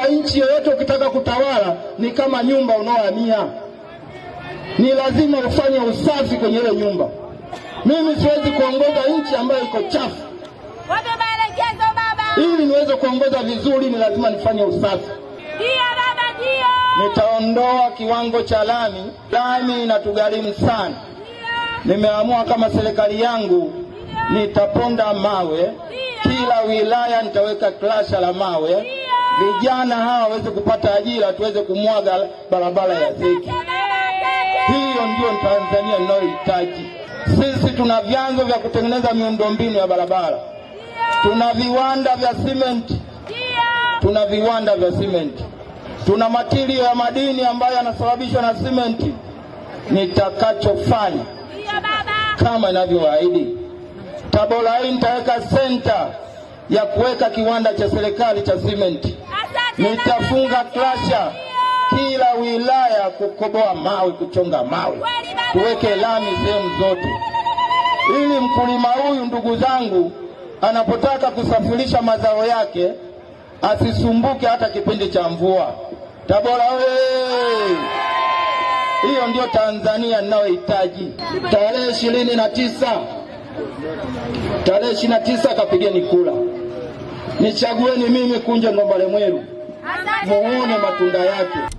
wa nchi yoyote ukitaka kutawala ni kama nyumba unaohamia, ni lazima ufanye usafi kwenye ile nyumba. Mimi siwezi kuongoza nchi ambayo iko chafu. Ili niweze kuongoza vizuri, ni lazima nifanye usafi. Nitaondoa kiwango cha lami. Lami inatugharimu sana. Nimeamua kama serikali yangu nitaponda mawe kila wilaya nitaweka klasha la mawe, vijana hawa waweze kupata ajira, tuweze kumwaga barabara ya zeki. Hiyo ndiyo Tanzania inayohitaji. Sisi tuna vyanzo vya kutengeneza miundombinu ya barabara, tuna viwanda vya simenti, tuna viwanda vya simenti, tuna matirio ya madini ambayo yanasababishwa na simenti. Nitakachofanya kama inavyoahidi Tabora hii nitaweka senta ya kuweka kiwanda cha serikali cha simenti. Nitafunga klasha kila wilaya, kukoboa mawe, kuchonga mawe, tuweke lami sehemu zote, ili mkulima huyu, ndugu zangu, anapotaka kusafirisha mazao yake asisumbuke hata kipindi cha mvua. Tabora we, Hiyo ndio Tanzania ninayohitaji. Tarehe ishirini na tisa tarehe ishirini na tisa kapigeni kula nichagueni mimi Kunje Ngombale Mwiru, muone matunda yake.